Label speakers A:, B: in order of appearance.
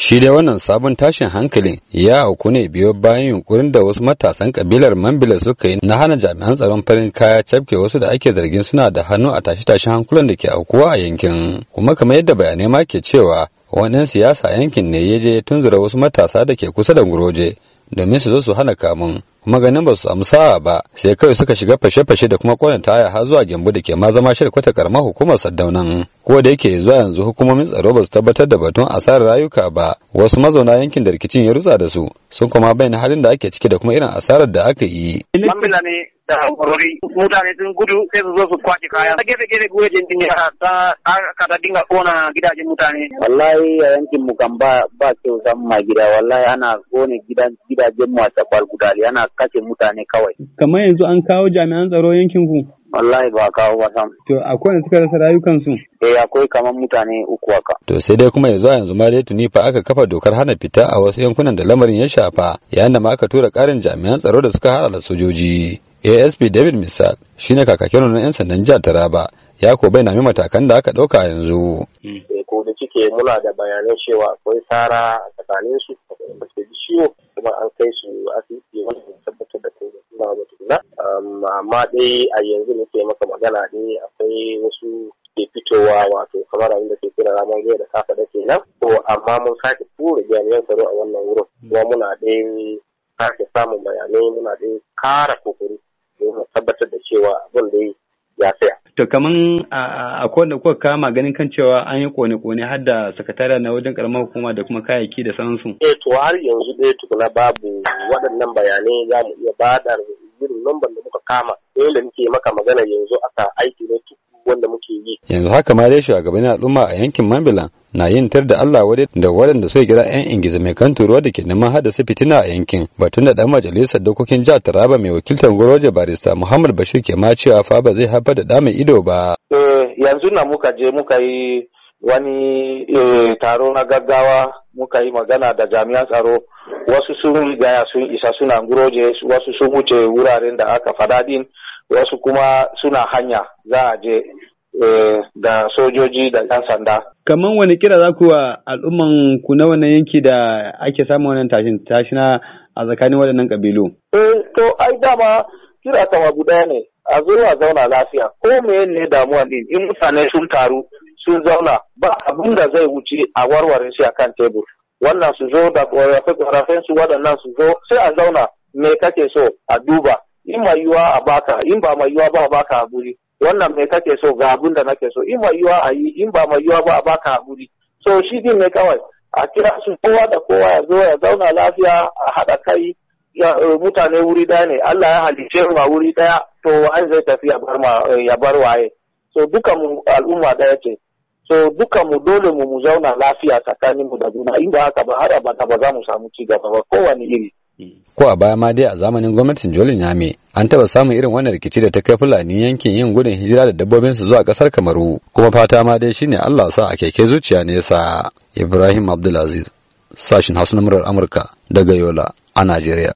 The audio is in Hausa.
A: Shi dai wannan sabon tashin hankalin ya auku ne biyo bayan yunkurin da wasu matasan kabilar Mambila suka yi na hana jami'an tsaron farin kaya cafke wasu da ake zargin suna da hannu a tashe-tashen hankulan da ke aukuwa a yankin. Kuma kamar yadda bayanai ma ke cewa wannan siyasa yankin ne ya je ya tunzura wasu matasa da ke kusa da Guroje domin su zo su hana kamun. maganin ba su samu sa'a ba sai kawai suka shiga fashe-fashe da kuma kwanan taya har zuwa gyambu da ke ma zama shirya kwata karamar hukumar saddaunan ko da yake zuwa yanzu hukumomin tsaro ba su tabbatar da batun asarar rayuka ba wasu mazauna yankin da rikicin ya rutsa da su sun kuma bayyana halin da ake ciki da kuma irin asarar da aka yi
B: Mambila ne da kwarori mutane sun gudu sai su zo su kwace kaya. Ta gefe gefe gure jin din ta aka ta dinga kona gidajen mutane. Wallahi a yankin mu kan ba ba kyau san ma gida wallahi ana kone gidan gidajen mu a tsabar gudali ana kashe mutane
C: kawai. Kamar yanzu an kawo jami'an tsaro yankin ku. wallahi ba kawo ba sam to akwai ne suka rasa rayukansu eh akwai kamar mutane uku haka
A: to sai dai kuma yanzu yanzu ma dai tuni fa aka kafa dokar hana fita a wasu yankunan da lamarin ya shafa yayin da ma aka tura karin jami'an tsaro da suka hada da sojoji asp david misal shine kakakin nan yan sandan jihar taraba ya ko bai nami matakan da aka dauka yanzu ko
D: mm. eh, da cike muna da bayanan cewa akwai tsara a tsakaninsu ba su ji ciwo kuma an kai su asibiti wannan amma dai a yanzu nake maka magana ne akwai wasu ke fitowa wato kamar abin da ke kira ranar jiya da kafa da ke nan ko amma mun sake tura jami'an tsaro a wannan wurin kuma muna dai sake samun bayanai muna dai kara kokari domin tabbatar da cewa abin da ya tsaya.
C: To kaman a kowane kuka kama ganin kan cewa an yi kone-kone har da sakatariya na wajen karamar hukuma da kuma kayayyaki da sansu. Eh
D: to har yanzu dai tukuna babu waɗannan bayanai za mu iya ba da irin lambar da muka kama dole muke maka magana yanzu aka aiki ne wanda muke yi
A: yanzu haka ma dai shugaban al'umma a yankin Mambila na yin tar da Allah wadai da waɗanda suka kira 'yan ingiza mai kan turuwa da ke neman haddasa fitina a yankin batun da ɗan majalisar dokokin jihar Taraba mai wakiltar Goroje Barista Muhammad Bashir ke ma cewa fa ba zai haifar da ɗa mai ido ba. Eh,
B: yanzu na muka je muka yi wani eh, taro na gaggawa muka yi magana da jami'an tsaro wasu sun rigaya sun isa suna guroje wasu sun wuce wuraren da aka fada din wasu kuma suna hanya za a je eh, da sojoji da 'yan sanda.
C: Kamar wani kira za ku al'umman ku na wannan yanki da ake samun wannan tashin tashina a tsakanin waɗannan ƙabilu?
B: Eh, to ai dama kira kama guda ne a zo a zauna lafiya ko me ne damuwa din in mutane sun taru sun zauna ba abin da zai wuce a warware shi a kan tebur wannan su zo da ƙwararrafen su waɗannan su zo sai a zauna me kake so a duba in mai yiwa a baka in ba mai yiwa ba a baka a wannan me kake so ga abin da nake so in mai yiwa a yi in ba mai yiwa ba a baka a so shi din ne kawai a kira su kowa da kowa ya zo ya zauna lafiya a haɗa kai eh, mutane wuri daya ne Allah ya halice ma wuri daya to an zai tafi ya bar waye so duka mu al'umma ɗaya ce so duka mu dole mu mu zauna lafiya tsakanin mu da juna in ba haka ba har abada ba za mu samu ci gaba ba kowane iri
A: ko a baya ma dai a zamanin gwamnatin Jolin Yame an taba samun irin wannan rikici da ta kai Fulani yankin yin gudun hijira da dabbobin su zuwa kasar Kamaru kuma fata ma dai shine Allah sa a keke zuciya nesa Ibrahim Abdulaziz sashin Hausa na Amurka daga Yola a Najeriya